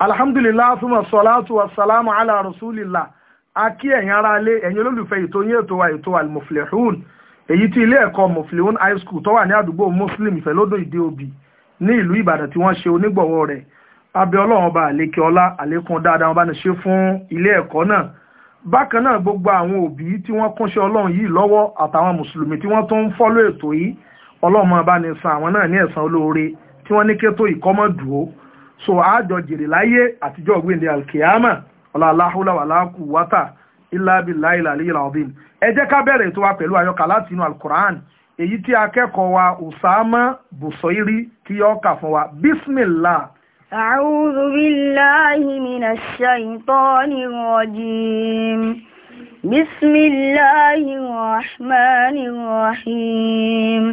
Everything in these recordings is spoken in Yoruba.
alhamdulillah suma salatu wa salamu ala rasulillah a kí ẹ̀yin ará ilé ẹ̀yin olólùfẹ́ ètò yín ètò wa ètò almuflihun èyí tí ilé ẹ̀kọ́ muflihun high school tó wà ní àdúgbò muslim ìfẹ́lódún ìdí òbí ní ìlú ìbàdàn tí wọ́n ṣe onígbọ̀wọ́ rẹ̀ abẹ́ ọlọ́run bá àlékè ọlá àlékún dáadáa wọn bá ní ṣe fún ilé ẹ̀kọ́ náà bákan náà gbogbo àwọn òbí tí wọ́n kúnṣẹ́ ọlọ́run yìí lọ́wọ́ àtàwọn mùsùlùmí tí wọ́n tún ń fọ́lọ́ ètò yìí ọlọ́run bá ní san àwọn náà ní ẹ̀san olóore tí wọ́n ní kétó ìkọ́mọ̀dùó so àjọ jèrè láyé àtijọ́ ògbéǹde alkiyama ọ̀làláhùlà wàláàkú wátà ìlàbí láìlà líla ọ̀bìn ẹ jẹ́ ká bẹ̀rẹ̀ tó wá pẹ̀lú àyọkà láti inú alukur'an èyí tí akẹ́kọ̀ọ́ wa usama busoiri tí yọ kà fún wa bismillah. أعوذ بالله من الشيطان الرجيم بسم الله الرحمن الرحيم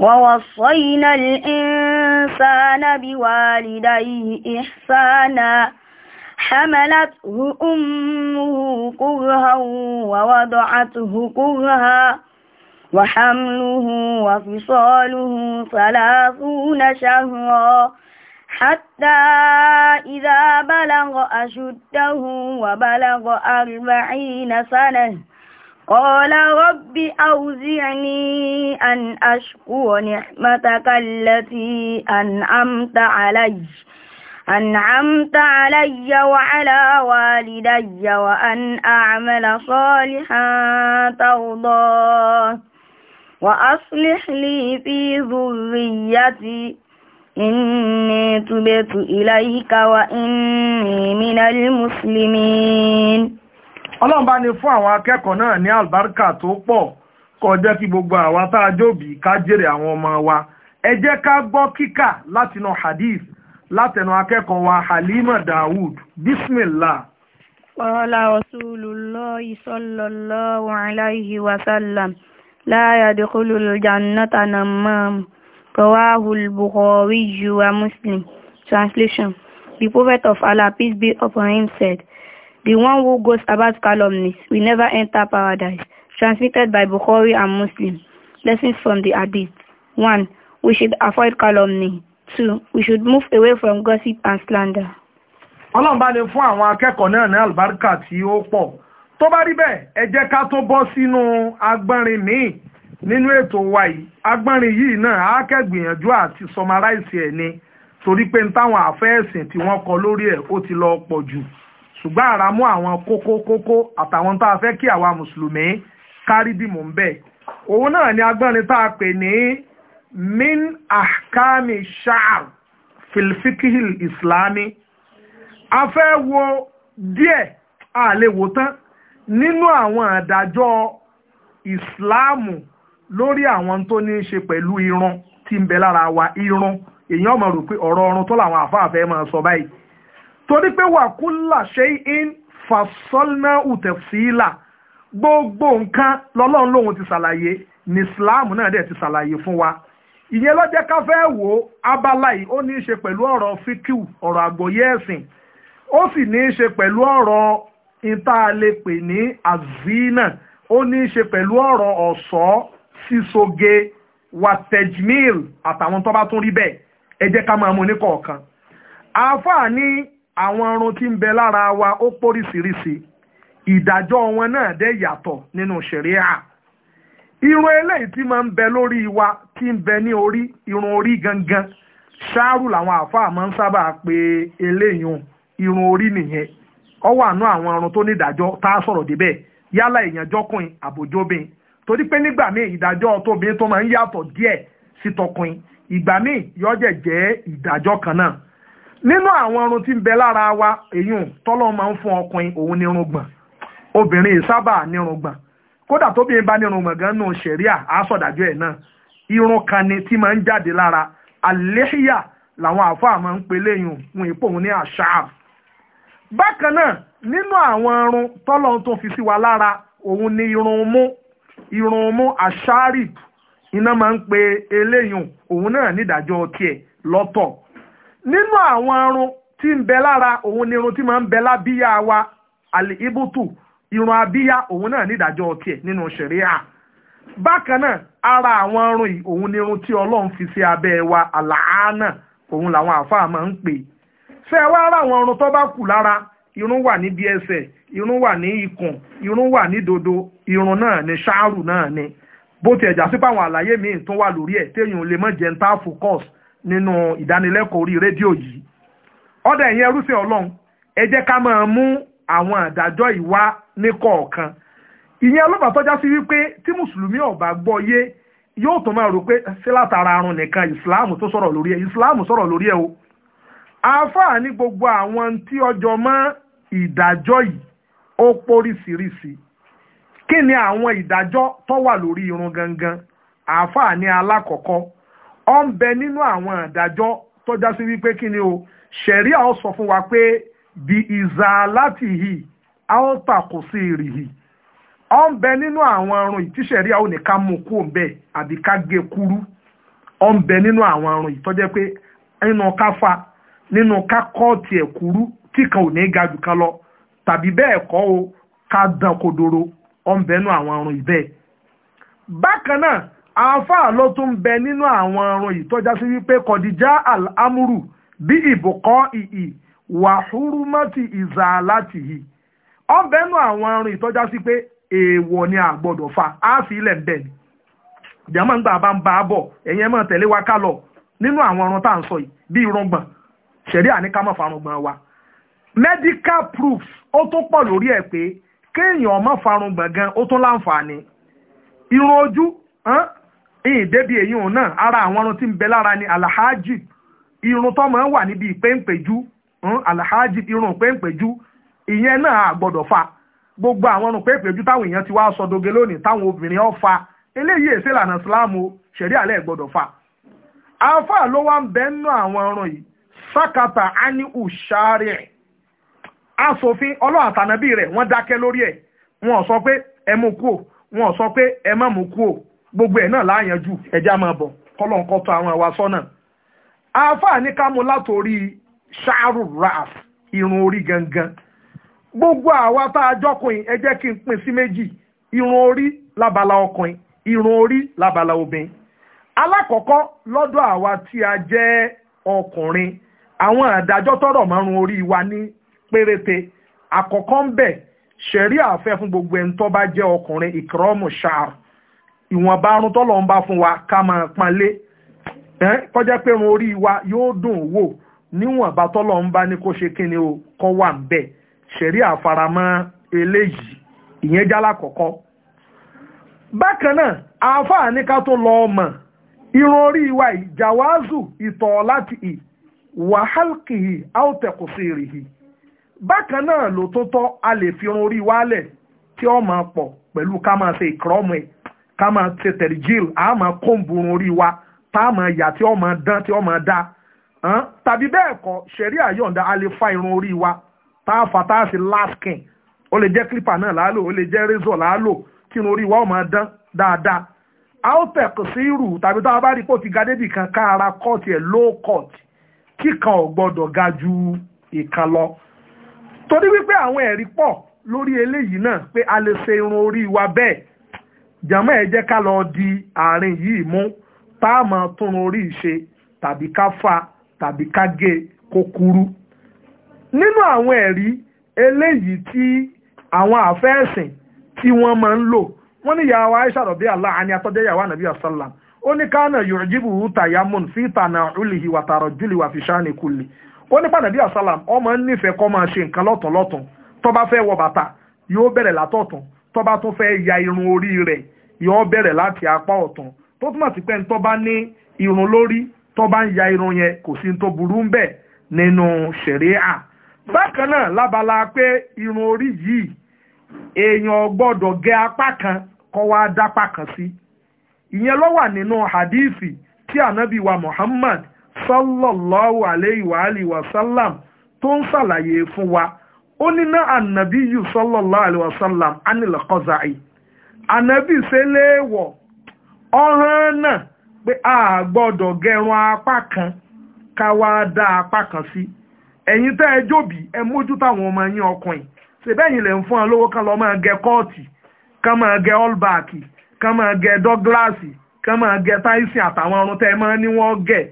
ووصينا الإنسان بوالديه إحسانا حملته أمه كرها ووضعته كرها وحمله وفصاله ثلاثون شهرا حتى إذا بلغ أشده وبلغ أربعين سنة قال رب أوزعني أن أشكر نعمتك التي أنعمت علي أنعمت علي وعلى والدي وأن أعمل صالحا ترضاه وأصلح لي في ذريتي إني تبت إليك وإني من المسلمين Ọlọ́run bá ní fún àwọn akẹ́kọ̀ọ́ náà ní àlùbáríkà tó pọ̀ kó jẹ́ kí gbogbo àwa tá a jóòbí ká jèrè àwọn ọmọ wa ẹ jẹ́ ká gbọ́ kíkà látinú hadith látẹnu akẹ́kọ̀ọ́ wa halima daoud bismillah. qala rasulullahi sallallahu alayhi wa sallam la yadkhulul jannata namam rawahul bukhari wa muslim translation the prophet of allah peace be upon him said the one who goes about calumnies will never enter paradise transmitted by Bukhari and Muslim. Lessons from the Hadith. 1. We should avoid calumny. 2. We should move away from gossip and slander. Ọlọ́run bá ní fún àwọn akẹ́kọ̀ọ́ náà ní àlùbáríkà tí ó pọ̀. Tó bá rí bẹ́ẹ̀, ẹ jẹ́ ká tó bọ́ sínú agbọ́nrin míì nínú ètò wa yìí. Agbọ́nrin yìí náà á kẹ́gbìyànjú àti summarize ẹ̀ ni torí pé táwọn àfẹ́ẹ̀sìn tí wọ́n kọ lórí ẹ̀ ó ti lọ pọ̀ jù. Ṣùgbọ́n àràmú àwọn kókó kókó àtàwọn tá a fẹ́ kí àwa Mùsùlùmí kárìbìmù ń bẹ̀ òun náà ni agbọ́nrin tá a pè ní min ahkami sha'r filfikihil islami a fẹ́ wo díẹ̀ a lè wò tán nínú àwọn àdájọ́ ìsìláàmù lórí ṣe pẹ̀lú irun tí ń bẹ wa irun èèyàn mọ̀ rò pé ọ̀rọ̀ ọrùn tó làwọn àfáàfẹ́ máa sọ báyìí torí pé ṣe gbogbo nǹkan lọ́lọ́run lòun ti ṣàlàyé ní islam náà dẹ̀ ti ṣàlàyé fún wa ìyẹn ló jẹ́ ká fẹ́ wò ó abala yìí ó ní í ṣe pẹ̀lú ọ̀rọ̀ fíkìú ọ̀rọ̀ àgbọ́yé ẹ̀sìn ó sì ní í ṣe pẹ̀lú ọ̀rọ̀ ìta ní azina ó ní í ṣe pẹ̀lú ọ̀rọ̀ ọ̀ṣọ́ sísoge watejmil àtàwọn tó bá tún rí bẹ́ẹ̀ ẹ jẹ́ ká máa mú ní kọ̀ọ̀kan àáfàá ní àwọn irun tí ń bẹ lára wa ó póríṣiríṣi ìdájọ́ wọn náà dẹ̀ yàtọ̀ nínú ṣẹ̀ríà irun eléyìí tí máa ń bẹ lórí wa kí ń bẹ ní orí irun orí gangan ṣáàrù làwọn àfáà máa ń sábà pe eléyìí irun orí nìyẹn àwọn irun tó nídàjọ́ tá a sọ̀rọ̀ débẹ̀ yálà àbójóbìn torí pé nígbà míì ìdájọ́ tóbin tó máa ń yàtọ̀ díẹ̀ sí tọkùnrin ìgbà míì yọ jẹ́ jẹ́ ìdájọ́ kan náà nínú àwọn tí ń bẹ lára wa èyí tọ́lọ́ máa ń obìnrin sábà nírùngbọ̀n kódà tóbìnrin bá nírùngbọ̀n gan nù ṣẹ̀ríà àásọ̀dájọ́ ẹ̀ náà irun kan ni tí máa ń jáde lára àléhíyà làwọn àáfàá máa ń pelé yùn fún ipò òun ní àṣà bákan náà nínú àwọn irun tọ́lọ́run tó fi sí wa lára òun ni irun mú irun mú àṣárì iná máa ń pe eléyùn òun náà nídàjọ́ tiẹ̀ lọ́tọ̀ nínú àwọn irun tí ń bẹ lára òun ni irun tí máa ń bẹ lábíyá wa àlè ibùtù irun abíyá òun náà nídàjọ́ tiẹ̀ nínú ṣẹ̀ríà bákan náà ara àwọn irun yìí òun ni irun tí ọlọ́run fi sí abẹ́ wa àlàáná òun làwọn àáfàá máa ń pè ṣé ẹ wá ara àwọn irun tó bá kù lára irun wà níbi ẹsẹ̀ irun wà ní ikùn irun wà ní dodo irun náà ni ṣáàrù náà ni bó ti ẹ̀jà sípò àwọn àlàyé míì tún wà lórí ẹ̀ téèyàn lè mọ̀ jẹ́ ń tá focus nínú ìdánilẹ́kọ̀ọ́ orí rédíò yìí ọ̀dà ẹ̀yìn ẹrúṣẹ́ ọlọ́run ẹ jẹ́ ká máa mú àwọn àdájọ́ ìwá ní kọ̀ọ̀kan ìyẹn ọlọ́pàá tọ́já sí wípé tí mùsùlùmí ọ̀bà gbọ́ yé yóò tó máa rò pé ṣé látara arun nìkan ìsìláàmù tó sọ̀rọ̀ lórí ẹ̀ ìsìláàmù sọ̀rọ̀ lórí ẹ̀ o àáfàá ní gbogbo àwọn tí ọjọ́ mọ́ ìdájọ́ yìí ó póríṣiríṣi kí ni àwọn ìdájọ́ tó wà lórí irun gangan àáfàá ní alákọ̀ọ́kọ́ ó ń bẹ nínú àwọn ìdájọ́ tọ́já sí wípé kí ni o ṣẹ̀ríà ó sọ fún wa pé bí ìzà láti hì á ó tàkù sí ìrì hì ọ ń bẹ nínú àwọn ọrùn ìtísẹ̀rí àwọn nìkan mú kú òǹbẹ àbí ká gé kúrú ọ ń bẹ nínú àwọn ọrùn ìtọ́jẹ́ pé nínú ká fa nínú ká kọ́ọ̀tì ẹ̀ kúrú tí kan ò ní ga jù kan lọ tàbí bẹ́ẹ̀ kọ́ o ká dán kodoro ọ ń bẹ nínú àwọn ọrùn ìbẹ́ẹ̀. bákan náà àáfàá ló tún ń bẹ nínú àwọn ọrùn ìtọ́já sí wípé kọ̀díjà al-amuru bí ìbùkọ́ ìhì wàhúrúmọ́tì ìzàlátìhì ọ̀bẹ́nu àwọn arìn ìtọ́já sí pé èèwọ̀ ni àgbọ̀dọ̀ fa á fi ilẹ̀ ń bẹ̀ ni jàmọ́ ń gbà bá ń bá a bọ̀ ẹ̀yin ẹ̀ mọ̀ tẹ̀lé wa ká lọ nínú àwọn ọ̀run tá à ń sọ yìí bí irungbọ̀n ṣẹ̀rí àníkàmọ̀ wa medical proofs ó tún pọ̀ lórí ẹ̀ pé kéèyàn gan ó tún láǹfààní irun ojú ìyìn débi èyí òun náà ara àwọn ọ̀run tí ń bẹ lára ni irun tọmọ wà alhaji irun pẹ́ǹpẹ́jú ìyẹn náà àgbọ̀dọ̀ fa gbogbo àwọn irun pẹ́ǹpẹ́jú táwọn èèyàn ti wá sọ doge lónìí táwọn obìnrin ọ̀ eléyìí èsè lànà islam o ṣẹ̀rí àlẹ́ gbọ́dọ̀ fa afa ló wá ń nínú àwọn yìí usari asòfin àtànàbí rẹ̀ wọ́n dákẹ́ lórí ẹ̀ ṣáàrù raf irun orí gangan gbogbo àwa tá a jọkùnrin ẹ jẹ́ kí n pín sí méjì irun orí lábala ọkùnrin irun orí lábala obìnrin alákọ̀ọ́kọ́ lọ́dọ̀ àwa tí a jẹ́ ọkùnrin àwọn àdájọ́ tọ́rọ̀ márùn orí wa ní péréte àkọ́kọ́ ń bẹ̀ ṣẹ̀rí àfẹ́ fún gbogbo ẹni tó bá jẹ́ ọkùnrin ìkírọ́mù ṣáàrù ìwọ̀nba arun tọ́lọ̀ ń bá fún wa ká máa panlé kọjá pé irun orí wa yóò dùn wò níwọ̀n bá tọ́lọ̀ ń bá ní kó ṣe kíni o kọ́ wà ń bẹ̀ ṣẹ̀rí àfaramọ́ eléyìí ìyẹn jálá kọ̀kọ́. bákan náà àáfàá ní ká tó lọ ọmọ irun orí wa ìjàwáàzù ìtọ̀ láti ì wàhálkìhì áùtẹ̀kùsìrìhì bákan náà ló tó tọ́ a lè fi irun orí wa lẹ̀ tí ó máa pọ̀ pẹ̀lú ká máa ṣe ìkọ́mù ẹ̀ ká máa ṣe àá máa kóńbù irun orí máa yà tí ó máa dán tàbí bẹ́ẹ̀ kọ́ ṣẹ̀rí àyọ̀ǹda a lè fa irun orí wa tá a fa tá a sì láskìn ó lè jẹ́ clipper náà láàlò ó lè jẹ́ razor láàlò kí irun orí wa ó máa dán dáadáa a ó tẹ̀kọ̀ sí irú tàbí tá bá rí pé ti ga débì kan ká ara kọ́ọ̀tì ẹ̀ low cut kíkan ò gbọ́dọ̀ ga ju ìkan lọ torí wípé àwọn ẹ̀rí pọ̀ lórí eléyìí náà pé a lè ṣe irun orí wa bẹ́ẹ̀ jàmọ́ ẹ jẹ́ ká lọ di àárín yìí mú tá a máa tún orí ṣe tàbí ká fa tàbí ká gé kó kúrú nínú àwọn ẹ̀rí eléyìí tí àwọn àfẹ́ẹ̀sìn tí wọ́n máa ń lò wọ́n ní yàrá aisha rọ̀bí allah àní atọ́jẹ́ yàrá nàbí asálà ó ní kánà yorùjíbù tayamun fi tànà ulihi wàtàrọ̀ júlì wà fi ṣáni kulli ó ní pàdàbí asálà ọmọ nífẹ̀ẹ́ kọ́ máa ṣe nǹkan lọ́tún lọ́tún tó fẹ́ wọ bàtà yóò bẹ̀rẹ̀ látọ̀tún tó fẹ́ ya irun orí rẹ̀ yóò bẹ̀rẹ̀ láti apá ọ̀tún tó túmọ̀ sí pé ń tó ní irun lórí tó bá ń ya irun yẹn kò sí tó burú ń bẹ̀ nínú ṣẹ̀ríà bákan náà lábala pé irun orí yìí èèyàn gbọ́dọ̀ gẹ apá kan kó wá dápá kan sí ìyẹn ló wà nínú hadithi tí ànábì wa Muhammad sallallahu alayhi wa alihi wa sallam tó ń ṣàlàyé fún wa ó ní ná ànábì yìí sallallahu alayhi wa sallam anil qaza'i ànábì ṣe léèwọ̀ ọ̀hán náà pé a gbọ́dọ̀ gẹrun apá kan ká wá dá apá kan sí ẹ̀yin tẹ́ ẹ jòbí ẹ mójútó àwọn ọmọ yín ọkùnrin ṣèbẹ́yìn lè ń fún ọ lówó kan lọ́ọ́ máa gẹ kọ́ọ̀tì kan máa gẹ ka ma máa gẹ dọ́gíláàsì kan máa gẹ táìsì àtàwọn ọrùn tẹ́ máa ní wọ́n gẹ̀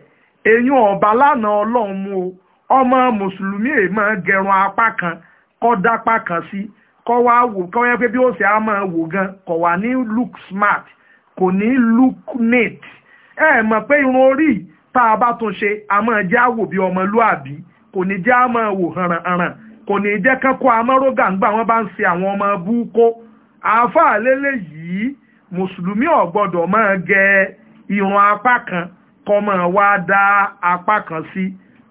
ọmọ mùsùlùmí èyí máa gẹrun apá kan dápá kan sí wá wò yẹ gan ní look smart kò ní look neat ẹ mọ̀ pé irun orí tá a bá tún ṣe a máa jẹ́ àwò bí ọmọlúàbí kò ní jẹ́ àmọ́ wò hànrànhànràn kò ní jẹ́ kẹ́kọ̀ọ́ amárògà ńgbà wọ́n bá ń ṣe àwọn ọmọ búkó àáfàá lélẹ̀ yìí mùsùlùmí ò máa gẹ irun apá kan kọ́ máa wá dá apá kan sí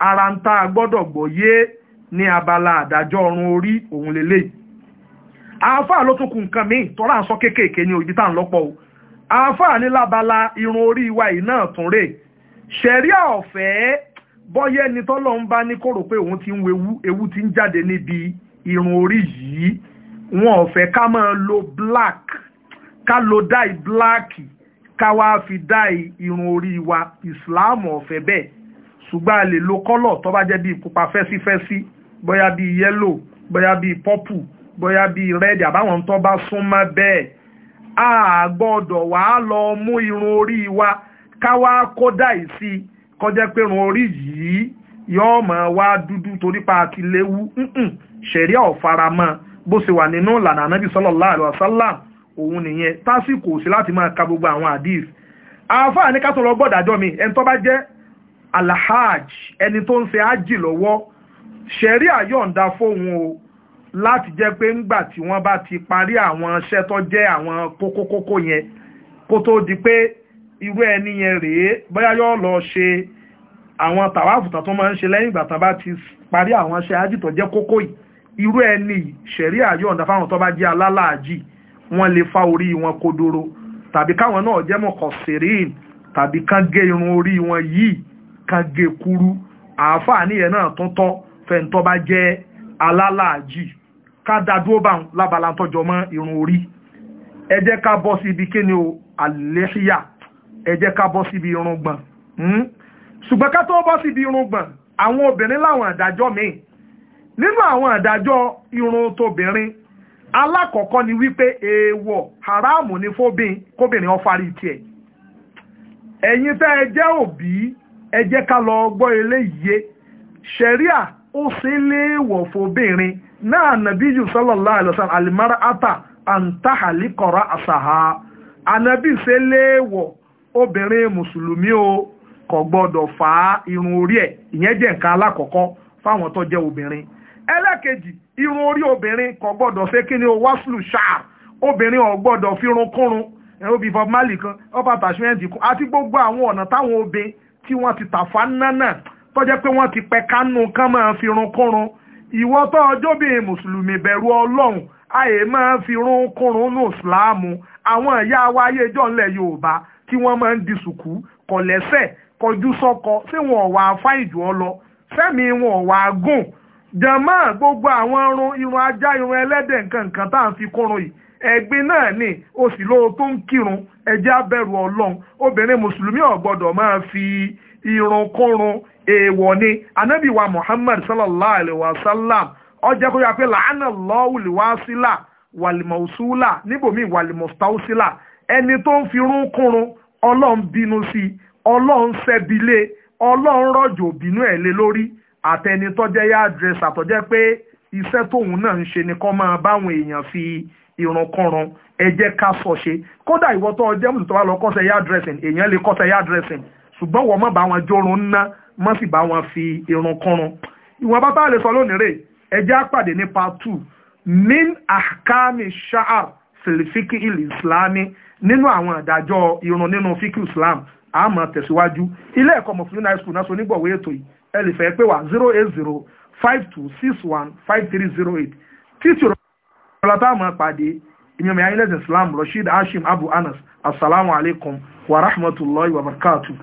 ara ń tá a gbọ́dọ̀ gbọ́yé ní abala àdájọ́ ọrùn orí òun lélẹ̀ àáfàá ló tún kù nǹkan míì tọ́ra àsọ kéékèèké ní ibi tá à ń lọ́pọ̀ o àǹfààní lábala irun orí wa yìí náà tún rè ṣẹ̀ríà ọ̀fẹ́ bọ́yẹ́ ni tọ́lọ́ ń bá ní kó rò pé òun ti ń wewú ewu ti ń jáde níbi irun orí yìí wọn ò ká máa lo black ká lo dye black ká wá fi dye irun orí wa Islam ò fẹ́ bẹ́ẹ̀ ṣùgbọ́n a lè lo kọ́lọ̀ tó bá jẹ́ bíi pupa fẹ́sífẹ́sí bóyá bíi yẹ́lò bóyá bíi pọ́pù bóyá bíi rẹ́ẹ̀dì àbáwọn tó bá súnmọ́ bẹ́ẹ̀ a gbọ́dọ̀ wà á lọ mú irun orí wa káwá kó dáì kọjá pé irun orí yìí yóò mọ̀ wá dúdú torí pa àti léwu ṣẹ̀ríà ò bó ṣe wà nínú ìlànà anábì sallallahu alaihi wasallam òun nìyẹn tásìkò sí láti máa ka gbogbo àwọn hadith ní ká mi ẹni tó bá jẹ́ ẹni tó ń ṣe ájì lọ́wọ́ láti jẹ́ pé ńgbà tí wọ́n bá ti parí àwọn iṣẹ́ tó jẹ́ àwọn kókókókó yẹn kó tó di pé irú ẹni yẹn rèé bóyá yóò lọ ṣe àwọn tàwáfùtà tó máa ń ṣe lẹ́yìn ìgbà tán bá ti parí àwọn iṣẹ́ ájì tó jẹ́ kókó yìí irú ẹni ṣẹ̀rí àyọ̀ǹda fáwọn tó bá jẹ́ alálàájì wọ́n lè fa orí wọn kodoro tàbí káwọn náà jẹ́ mọ̀kọ̀ sèrèèn tàbí kán gé irun orí wọn yìí kán gé kúrú àáfàá níyẹn náà tó tọ́ fẹ́ntọ́ bá jẹ́ alálàájì ká dádúró bá lábala tọ́jọ mọ́ irun orí ẹ jẹ́ ká bọ́ sí ibi kíni o àlẹ́ṣíyà ẹ jẹ́ ká bọ́ sí ibi irun gbọ̀n hmm? ṣùgbọ́n ká tó bọ́ sí ibi irun gbọ̀n àwọn obìnrin láwọn àdájọ́ míì nínú àwọn àdájọ́ irun tóbìnrin alákọ̀ọ́kọ́ ni wípé èèwọ̀ haramu ni fóbìn kóbìnrin ọfarí tiẹ̀ ẹ̀yin fẹ́ ẹ jẹ́ òbí ẹ jẹ́ ká lọ gbọ́ eléyìí ṣẹ̀ríà o ṣe léèwọ̀ fòbìnrin náà nàbí yìí sallallahu alaihi wasallam alimarata antahali kọ̀ra àṣàhà ànàbí ṣe obìnrin mùsùlùmí o kò faa irun orí e ìyẹn jẹ́ nǹkan alákọ̀ọ́kọ́ fáwọn tó jẹ́ obìnrin ẹlẹ́kejì irun orí obìnrin kò gbọ́dọ̀ ṣe kí ni o wáṣùlù ṣáà obìnrin ò gbọ́dọ̀ fi irun kúrun obì Bob Marley kan ọba tàṣíwẹ́ǹtì kún àti gbogbo àwọn ọ̀nà táwọn obìnrin tí wọ́n ti náà tó jẹ́ pé wọ́n ti pẹ kánú kán máa fi run kúrun ìwọ tó ọjọ́ bíi mùsùlùmí bẹ̀rù ọlọ́run àyè máa fi run kúrun ní ìsìláàmù àwọn ìyá wa ayé ìjọ ńlẹ̀ yorùbá tí wọ́n máa ń di sùkú kọ̀lẹ́sẹ̀ kọjú sọ́kọ tí wọn ò wá fá ìjù ọ lọ sẹ́mi wọn ò wá gùn jẹ̀mọ́ gbogbo àwọn irun irun ajá irun ẹlẹ́dẹ̀ nǹkan nǹkan tá à ń fi kúrun yìí ẹ̀gbin náà ni o sì lóo tó ń kírun ẹjẹ́ abẹ́rù ọlọ́run obìnrin mùsùlùmí ò gbọ́dọ̀ máa fi ìrùnkúrùn èèwọ̀ ni anábì wa muhammad sallallahu alayhi wa sallam ọjọ́ kó yà pé làánà lọ́wùlì wá sílà wàlìmọ̀súlà níbòmí wàlìmọ̀sítáwùsílà ẹni tó ń fi rúnkúrun ọlọ́run bínú sí i ọlọ́run ṣẹ́bilé e, ọlọ́run rọ̀jò bínú ẹ̀ lé lórí àtẹni tọ́jẹ́ yá dírẹ́sà tọ́jẹ́ pé iṣẹ́ tóun náà ń ṣe ni kọ́ máa báwọn èèyàn fi ìrùnkúrun ẹ ká sọ ṣe kódà ìwọ ọjẹ́ mùsùlùmí tó bá lọ kọ́ṣẹ́ yá dírẹ́sìn èèyàn lè kọ́ṣẹ́ yá dírẹ́sìn ṣùgbọ́n wọ́n má bá wọn jórun ńná má sì bá wọn fi irun kọrun ìwọ̀n bá táà lè sọ lónìí rè ẹjẹ́ àpàdé ní two min ahkami sha'ar filifiki il islami nínú àwọn ìdájọ́ irun nínú fíkì islam a máa tẹ̀síwájú ilé ẹ̀kọ́ mọ̀fúnlẹ́nà high school náà so onígbọ̀wé ètò yìí ẹ lè fẹ́ pé wá zero eight zero five two six one five three zero eight títí ọ̀rọ̀ tá a máa pàdé ìyẹn mẹ́rin islam rasheed hashim abu anas asalaamualeykum wa rahmatulahi wa barakatuh.